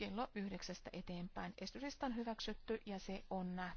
kello yhdeksästä eteenpäin. Esitysistä on hyväksytty ja se on nähtävä.